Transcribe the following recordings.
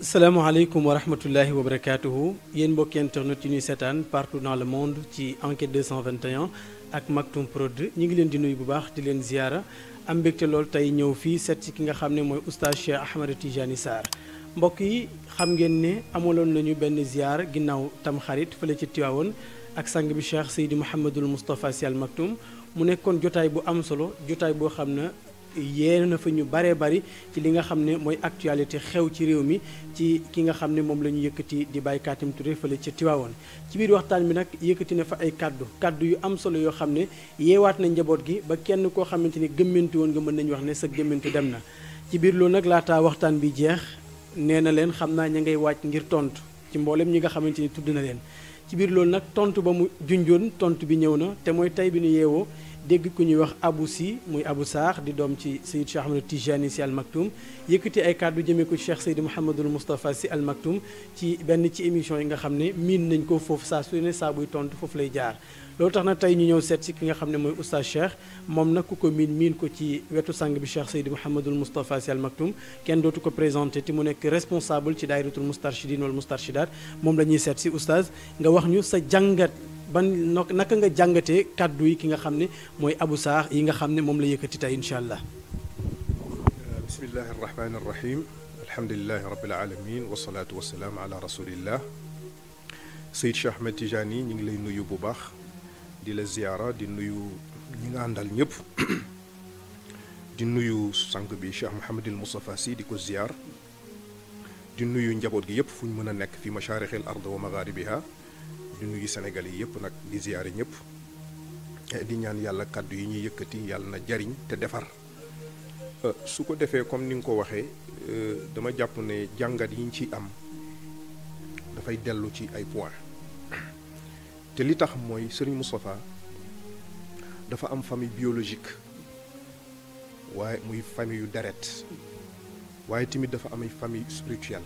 salaamaaleykum wa rahmatullahi wa barakatuhu yéen mbokki internet yi ñuy seetaan partout dans le monde ci enquête 221 ak Maktoum Prod ñu ngi leen di nuyu bu baax di leen ziyaara am mbégte lool tey ñëw fii seet ci ki nga xam ne mooy oustaz Cheikh Ahmed Tijani Sarr mbokk yi xam ngeen ne amaloon nañu benn ziyaar ginnaaw tamxarit fële ci Tiwaawoon ak sang bi Cheikh Seydi Mouhamadul Moustapha Sy Al Maktoum mu nekkoon jotaay bu am solo jotaay boo xam ne yéene na fa ñu baree bari ci li nga xam ne mooy actualité xew ci réew mi ci ki nga xam ne moom la ñu yëkkati di bàyyi Khadim Touré fële ca Tiwaawoon ci biir waxtaan bi nag yëkkati na fa ay kàddu kàddu yu am solo yoo xam ne yeewaat na njaboot gi ba kenn koo xamante ni gëmmantu woon nga mën nañu wax ne sa gëmmantu dem na ci biir loolu nag laataa waxtaan bi jeex nee na leen xam naa ña ngay waaj ngir tontu ci mboolem ñi nga xamante ni tudd na leen ci biir loolu nag tontu ba mu junjoon tontu bi ñëw na te mooy tey bi ñu yeewoo dégg ku ñuy wax abu si muy abu saax di doom ci sayid Cheikh Ahmad Tijani si almaktum yëkkati ay kàddu jëmee ko Cheikh Seydi Mouhamadul Moustapha si almaktum ci benn ci émission yi nga xam ne miin nañ ko foofu saa su ne saa buy tontu foofu lay jaar loo tax na tey ñu ñëw seet si ki nga xam ne mooy oustaz Cheikh moom nag ku ko miin miin ko ci wetu sang bi Cheikh Seydi Mouhamadul Moustapha si almaktum kenn dootu ko présenté te mu nekk responsable ci daayiratul Moustarchidine wal Moustarchidaat moom la ñuy seet si oustaz nga wax ñu sa jàngat ban naka nga jangate kaddu yi ki nga xamni moy abou sah yi nga xamni mom la yëkëti tay inshallah بسم الله الرحمن الرحيم الحمد لله رب العالمين والصلاة والسلام على رسول الله سيد شيخ احمد تيجاني نيغ لاي نويو بو باخ دي لا زياره دي نويو نيغ اندال نييب دي نويو سانك بي شيخ محمد المصطفى سي ديكو زيار دي نويو نجابوت غي ييب فوني مانا نيك في مشارق الارض ومغاربها di nuyu Sénégal yi yëpp nag di ziyaare ñëpp di ñaan yàlla kàddu yi ñuy yëkkati yàlla na jariñ te defar euh, su ko defee comme ni nga ko waxee euh, dama jàpp ne jàngat yi ñu ciy am dafay dellu ci ay point te li tax mooy Serigne Moustapha dafa am famille biologique waaye muy famille yu deret waaye tamit dafa am ay famille spirituelle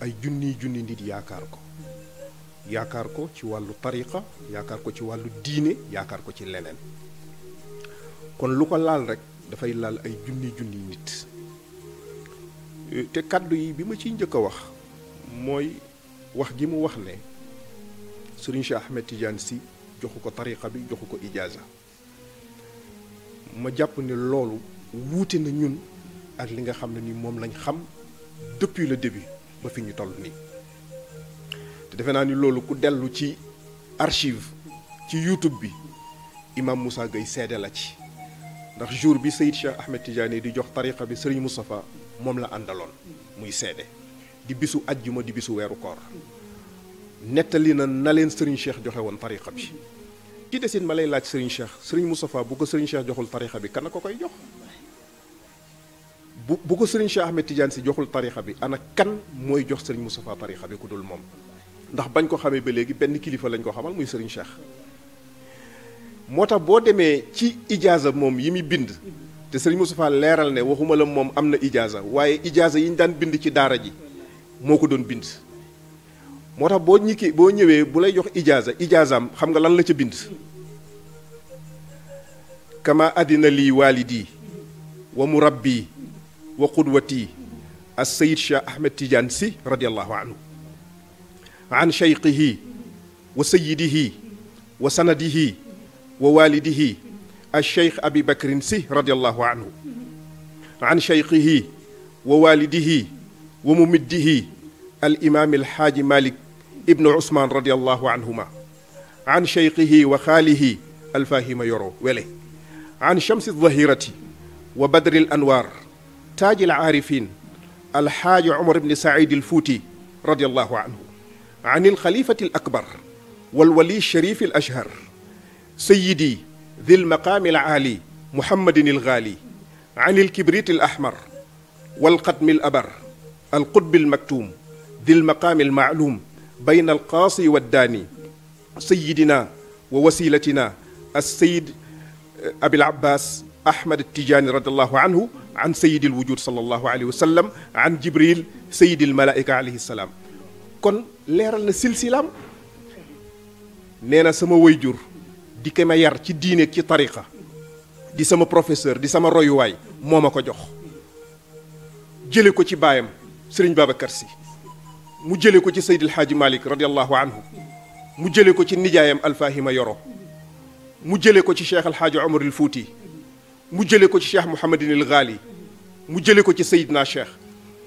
ay junniy junni nit yaakaar ko yaakaar ko ci wàllu tariqa yaakaar ko ci wàllu diine yaakaar ko ci leneen kon lu ko laal rek dafay laal ay junni junni nit te kàddu yi bi ma ciy njëkk a wax mooy wax gi mu wax ne Serigne Cheikh Ahmed Tidiane Sy joxu ko tariqa bi joxu ko ijaaza ma jàpp ne loolu wuute na ñun ak li nga xam ne ni moom lañ xam depuis le début ba fi ñu toll nii te defe naa ni loolu ku dellu ci archive ci YouTube bi imam Moussa Gueye seede la ci ndax jour bi Seyid Cheikh Ahmed Tidiane di jox tariqa bi sëriñ Moustapha moom la àndaloon muy seede di bisu ajjuma di bisu weeru koor nettali na na leen sëriñ Cheikh joxe woon tariqa bi ki desit ma lay laaj sëriñ Cheikh Serigne Moustapha bu ko Serigne Cheikh joxul tariqa bi kan ko koy jox bu bu ko Serigne Cheikh Ahmed Tidiane si joxul tariqa bi ana kan mooy jox Serigne Moustapha tariqa bi ku dul moom ndax bañ ko xamee ba léegi benn kilifa lañ ko xamal muy Serigne Cheikh moo tax boo demee ci ijaaza moom yi muy bind te Serigne Moustapha leeral ne waxuma la moom am na ijaaza waaye ijaaza yi ñu daan bind ci daara ji moo ko doon bind moo tax boo ñikki boo ñëwee bu lay jox ijaaza ijaazaam xam nga lan la ca bind kama adina li walidi wa murabbi wa qudwati as sayid Cheikh Ahmed Tidiane si radiallahu anhu عن شيقه وسيده وسنده ووالده الشيخ أبي بكر سه رضي الله عنه عن شيقه ووالده وممده الإمام الحاج مالك ابن عثمان رضي الله عنهما عن شيقه وخاله الفاهم يرو وله عن شمس الظهيرة وبدر الأنوار تاج العارفين الحاج عمر بن سعيد الفوتي رضي الله عنه عن الخليفة الأكبر والولي الشريف الأشهر سيدي ذي المقام العالي محمد الغالي عن الكبريت الأحمر والقدم الأبر القطب المكتوم ذي المقام المعلوم بين القاصي والداني سيدنا ووسيلتنا السيد آه، أبي العباس أحمد التجاني رضي الله عنه عن سيد الوجود صلى الله عليه وسلم عن جبريل سيد الملائكة عليه السلام kon leeral na silsilam nee na sama wayjur di ko ma yar ci diine ci tariqa di sama professeur di sama royuwaay moo ma ko jox jële ko ci baayam sëriñ Babacar Sy mu jële ko ci Seydil Hadji Malick radiallahu anhu mu jële ko ci nijaayam Alfahima Yoro mu jële ko ci Cheikh Alhaaji Omar al mu jële ko ci Cheikh Mouhamadin al Ghali mu jële ko ci Seydina Cheikh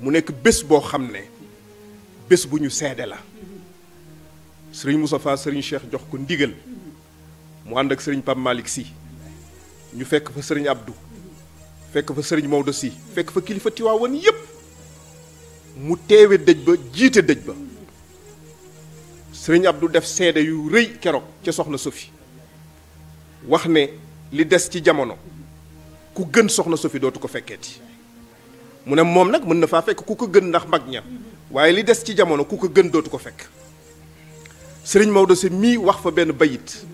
mu nekk bés boo xam ne bés bu ñu seede la sëriñ Moustapha sëriñ Cheikh jox ko ndigal mu ànd ak sëriñ Pape si ñu fekk fa sëriñ abdu fekk fa sëriñ Maodo si fekk fa kilifa Tiwaawan yépp mu teewe dëj ba jiite dëj ba sëriñ Abdou def seede yu rëy keroog ca soxna Sofi wax ne li des ci jamono ku gën soxna Sofi dootu ko fekkeeti mune mom nak mën na fa fekk ku ko gën ndax mag ña waye li dess ci jamono ku ko gën dootu ko fekk serigne mawdo si mi wax fa ben bayit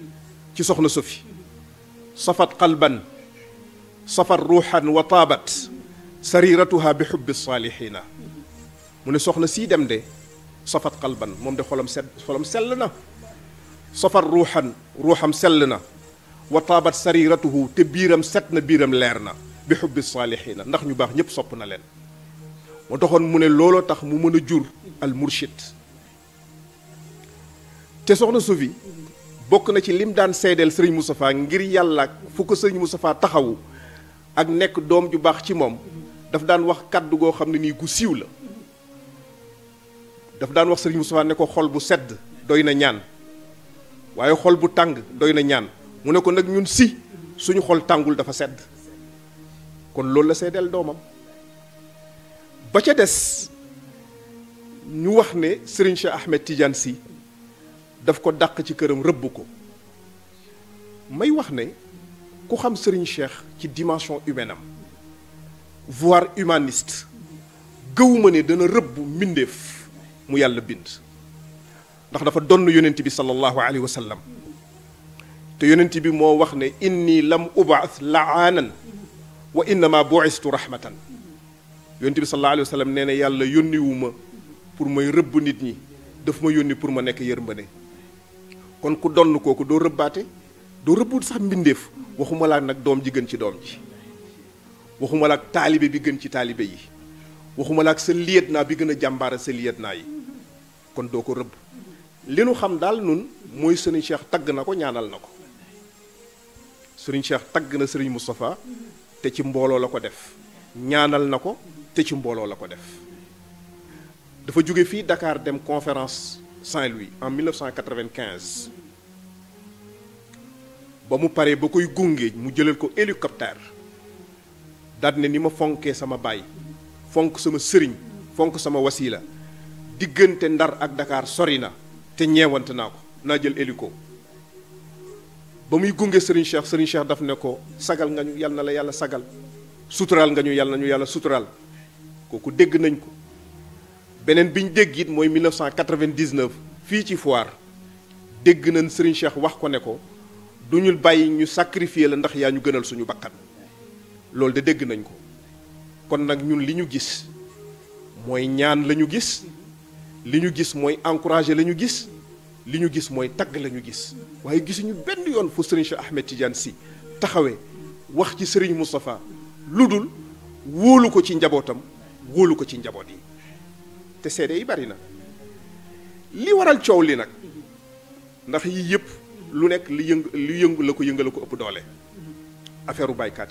ci soxna Sofi safat qalban safar ruhan wa tabat sariratuha bi hubb saalihina mune soxna si dem de safat qalban mom de xolam set xolam sel na safar ruhan ruham sel na wa tabat sariratuhu te biram set na biiram leer na bi xubbi saalixiina ndax ñu baax ñëpp sopp na leen moo taxoon mu ne looloo tax mu mën a jur al murshid te soxna Sufi bokk na ci lim daan seedeel sëriñ Moustapha ngir yàlla fu ko sëriñ Moustapha taxawu ak nekk doom ju baax ci moom daf daan wax kàddu goo xam ne nii gu siiw la daf daan wax sëriñ Moustapha ne ko xol bu sedd doy na ñaan waaye xol bu tàng doy na ñaan mu ne ko nag ñun si suñu xol tàngul dafa sedd kon loolu la seedeel doomam ba ca des ñu wax ne Serigne Cheikh Ahmed Tidiane si daf ko dàq ci këram rëbb ko may wax ne ku xam Serigne Cheikh ci dimension humaine am voire humaniste gëwuma ne dana rëbb mbindeef mu yàlla bind ndax dafa donn yonent bi sallallahu alayhi wa sallam te yonent bi moo wax ne inni lam ubaas laanan wa innama bu'istu rahmatan yonent bi sallallahu alayhi wa nee na yàlla yónniwu ma pour may rëbb nit ñi daf ma yónni pour ma nekk yërmande kon ku donn kooku doo rëbbaate doo rëbbul sax mbindeef waxuma laa nag doom ji gën ci doom ji waxuma laa ak taalibe bi gën ci taalibe yi waxuma laa ak sa liyet naa bi gën a jàmbaara sa liyet naa yi kon doo ko rëbb li nu xam daal nun mooy sëriñ Cheikh tagg na ko ñaanal na ko sëriñ Cheikh tagg na sëriñ Moustapha te ci mbooloo la ko def ñaanal na ko te ci mbooloo la ko def dafa jóge fii dakaar dem conférence Saint-Louis en 1995 ba mu paree ba koy gunge mu jëlal ko hélicoptère daal ni ma fonkee sama baay fonk sama sëriñ fonk sama wasiila diggante Ndar ak dakaar sori na te ñeewant naa ko naa jël hélico ba muy gunge Serigne Cheikh Serigne Cheikh daf ne ko sagal nga ñu yal la yàlla sagal suturaal nga ñu yal ñu yàlla suturaal kooku dégg nañ ko beneen bi ñu dégg it mooy 1999 fii ci foire dégg nañ Serigne Cheikh wax ko ne ko du ñu bàyyi ñu sacrifier la ndax yaa ñu gënal suñu bàkkan loolu de dégg nañ ko kon nag ñun li ñu gis mooy ñaan la ñu gis li ñu gis mooy encourager la ñu gis. li ñu gis mooy tagg lañu gis waaye gisuñu benn yoon fu sëriñ Cheikh Ahmed Tidiane si taxawee wax ci sëriñ Moustapha lu dul wóolu ko ci njabootam wóolu ko ci njaboot yi te seede yi bari na li waral coow li nag ndax yi yëpp lu nekk li yëng ko yëngala ko ëpp doole affaire u Baye la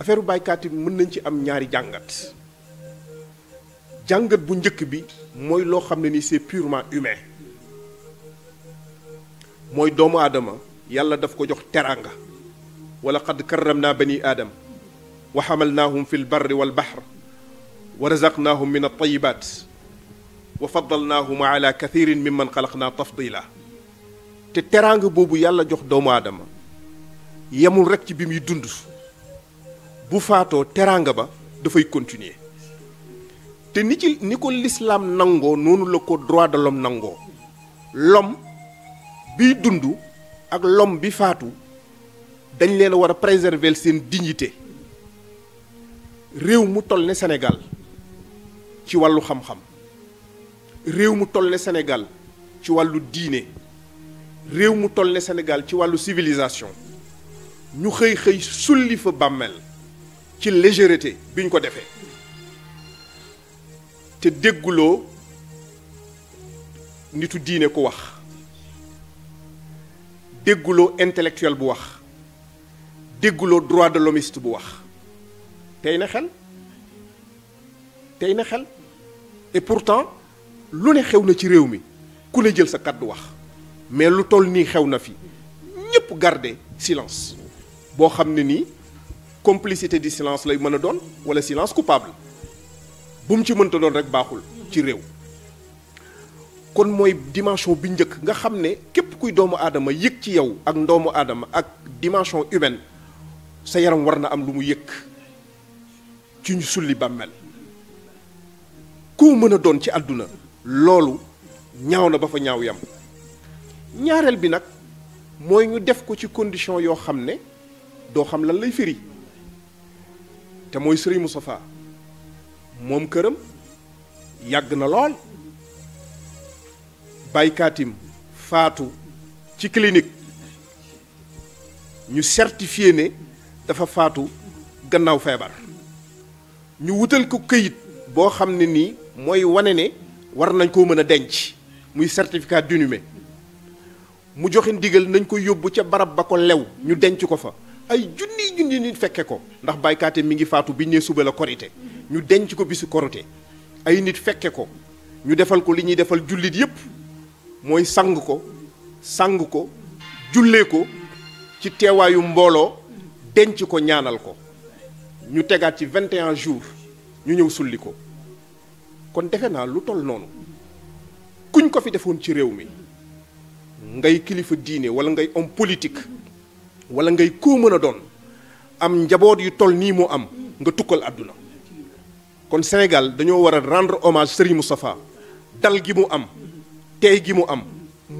affaire u Baye mën nañ ci am ñaari jàngat jàngat bu njëkk bi mooy loo xam ne ni c'est purement humain moy doomu adama yàlla daf ko jox teranga wala qad karramna bani adam wa hamalnahum fil barri wal walbaxr wa razaqnahum min at-tayyibat wa faddalnahum ala kathirin mimman khalaqna tafdila te teranga bobu yàlla jox doomu adama yamul rek ci bi dund bu faato teranga ba da fay continuer te ni ci ni ko l'islam nango nonu le ko droit de l'homme nango l'homme bi dundu ak l'homme bi faatu dañ leen war a préserver seen dignité réew mu toll ne Sénégal ci wàllu xam-xam réew mu toll ne Sénégal ci wàllu diine réew mu toll ne Sénégal ci wàllu civilisation ñu xëy xëy sulli fa ci légèreté biñ ko defee te dégguloo nitu diine ko wax dégguloo intellectuel bu wax dégguloo droit de l'homiste bu wax tey na xel tey na xel et pourtant lu ne xew na ci réew mi ku ne jël sa kàddu wax mais lu toll nii xew na fi ñépp garder silence boo xam ne nii complicité du silence lay mën a doon walla silence coupable bu mu ci mënta doon rek baaxul ci réew kon mooy dimension bi njëkk nga xam ne képp kuy doomu aadama yëg ci yow ak ndoomu aadama ak dimension humaine sa yaram war na am lu mu yëg ci ñu sulli bàmmeel ku mën a doon ci àdduna loolu ñaaw na ba fa ñaaw yam ñaareel bi nag mooy ñu def ko ci condition yoo xam ne doo xam lan lay firi te mooy sëri Moustapha moom këram yàgg na lool baykaatim faatu ci clinique ñu certifié ne dafa faatu gannaaw feebar ñu wutal ko këyit boo xam ne nii mooy wane ne war nañ koo mën a denc muy certificat d'inhumé mu joxe digal nañ ko yóbbu ca barab ba ko lew ñu denc ko fa ay junni junni nit fekke ko ndax baykaatim mi ngi faatu biñ ne suba la korite ñu denc ko bisu korite ay nit fekke ko ñu defal ko li ñuy defal jullit yépp mooy sang ko sang ko jullee ko ci teewaayu mbooloo denc ko ñaanal ko ñu tegaat ci 21 jours ñu ñëw sulli ko kon defe naa lu toll noonu kuñ ko fi defoon ci réew mi ngay kilifa diine walla ngay homme politique wala ngay koo mën a doon am njaboot yu toll nii moo am nga tukkal àdduna kon Sénégal dañoo war a rendre hommage Serigne Moustapha dal gi mu am tey gi mu am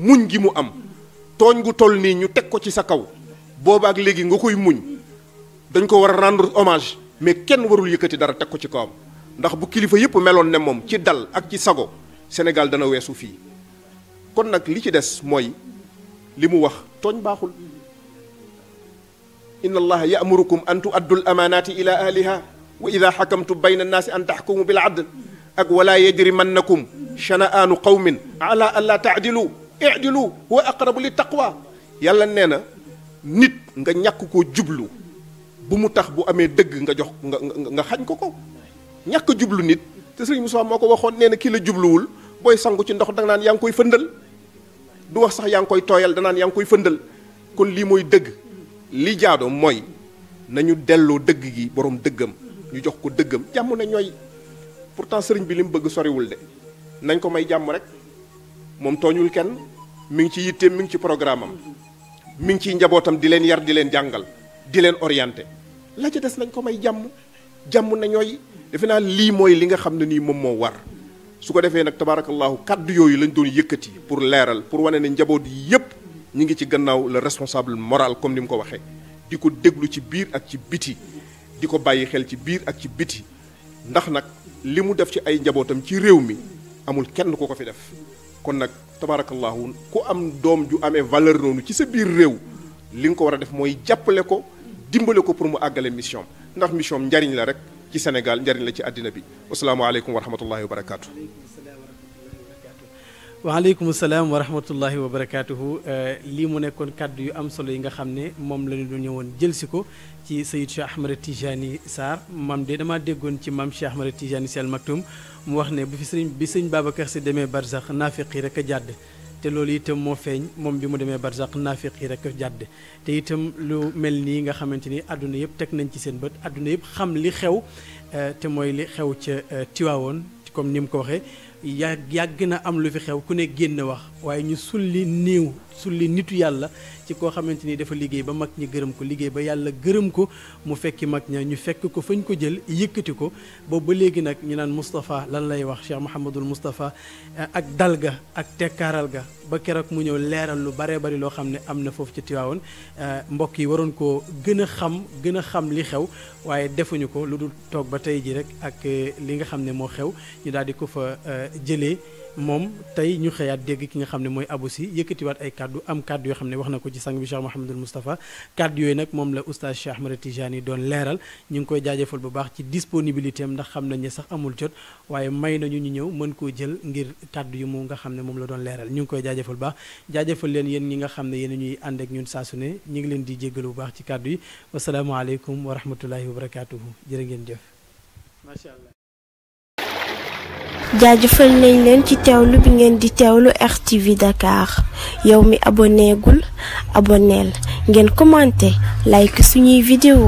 muñ gi mu am tooñ gu toll ni ñu tek ko ci sa kaw boba ak legi nga koy muñ dañ ko wara rendre hommage mais kenn warul yëkëti dara tek ko ci kawam ndax bu kilifa yëpp meloon ne moom ci dal ak ci sago Sénégal dana wessu fii kon nag li ci des mooy li mu wax tooñ baaxul ان الله ya'murukum ان تؤدوا الامانات amanati ila واذا حكمتم بين الناس ان تحكموا بالعدل ak wala yajrimannakum shanaanu qawmin ala allaa taadilu idilu huwa aqrabu li waa yàlla nee na nit nga ñàkk ko jublu bu mu tax bu amee dëgg nga jox nga nga xañ ko ko ñàkk jublu nit te sëriñ sax moo ko waxoon nee na kii la jubluwul booy sangu ci ndox danga naan yaa ngi koy fëndal du wax sax yaa ngi koy tooyal danaan yaa ngi koy fëndal kon lii mooy dëgg li jaadoo mooy nañu delloo dëgg gi borom dëggam ñu jox ko dëggam jàmm na ñooy pourtant sëriñ bi li mu bëgg soriwul de nañ ko may jàmm rek moom tooñul kenn mi ngi ci yitteem mi ngi ci programme am mi ngi ciy njabootam di leen yar di leen jàngal di leen orienté la ca des nañ ko may jàmm jàmm nañooy ñooy defe naa lii mooy li nga xam ne nii moom moo war su ko defee nag tabaarakallaahu kàddu yooyu lañ doon yëkkati pour leeral pour wane ne njaboot yi yëpp ñi ngi ci gannaaw le responsable moral comme ni mu ko waxee di ko déglu ci biir ak ci biti di ko bàyyi xel ci biir ak ci biti ndax nak limu def ci ay njabotam ci rew mi amul kenn ko ko fi def kon nak tabarakallah ku am dom ju amé valeur nonu ci sa bir rew li nga ko wara def moy jàppale ko dimbale ko pour mu agalé mission ndax mission njariñ la rek ci Sénégal njariñ la ci adina bi assalamu alaykum wa rahmatullahi wa barakatuh waaleykum salaam wa rahmatullahi wa barakaatuhu lii mu nekkoon kàddu yu am solo yi nga xam ne moom la ñu ñëwoon jël si ko ci Seydi Cheikh Ahmed Tijani Sarr mam de damaa déggoon ci maam Cheikh Ahmed Tijani Sy Al Maktoum mu wax ne bu fi sëriñ bi sëñ Babacar Sy demee barsax naafiq yi rek a jàdd te loolu itam moo feeñ moom bi mu demee barsax naafiq yi rek jàdd te itam lu mel nii nga xamante ni àdduna yëpp teg nañ ci seen bët àdduna yëpp xam li xew te mooy li xew ca Tiwaawoon comme ni mu ko waxee yàgg yàgg na am lu fi xew ku ne génn wax waaye ñu sulli néew sulli nitu yàlla ci koo xamante ni dafa liggéey ba mag ñi gërëm ko liggéey ba yàlla gërëm ko mu fekki mag ña ñu fekk ko fañ ko jël yëkkati ko boobu ba léegi nag ñu naan Moustapha lan lay wax Cheikh Mouhamadul Moustapha ak dal ga ak tekkaaral ga ba keroog mu ñëw leeral lu baree bari loo xam ne am na foofu ci Tiwaawoon eh, mbokk yi waroon koo gën a xam gën a xam li xew waaye defuñu ko lu dul toog ba tey ji rek ak eh, li nga xam ne moo xew jëlee moom tey ñu xëyaat dégg ki nga xam ne mooy Abou yëkkatiwaat ay kàddu am kàddu yoo xam ne wax na ko ci sang bi Cheikh Mouhamadul Moustapha kàddu yooyu nag moom la oustaz Cheikh Ahmed Tijani doon leeral ñu ngi koy jaajëfal bu baax ci disponibilité am ndax xam nañ ne sax amul jot waaye may na ñu ñëw mën koo jël ngir kàddu yi mu nga xam ne moom la doon leeral ñu ngi koy jaajafal baax jaajëfal leen yéen ñi nga xam ne yéen ñuy ànd ak ñun saa ne ñu ngi leen di jéggal bu baax ci kàddu yi wasalaamaaleykum wa rahmatullahi wa barakatuhu jërë ngeen jëf macha allah jaajëfal nañ leen ci teewlu bi ngeen di teewlu RTV Dakar yow mi aboneegul aboneel ngeen commenté like suñuy video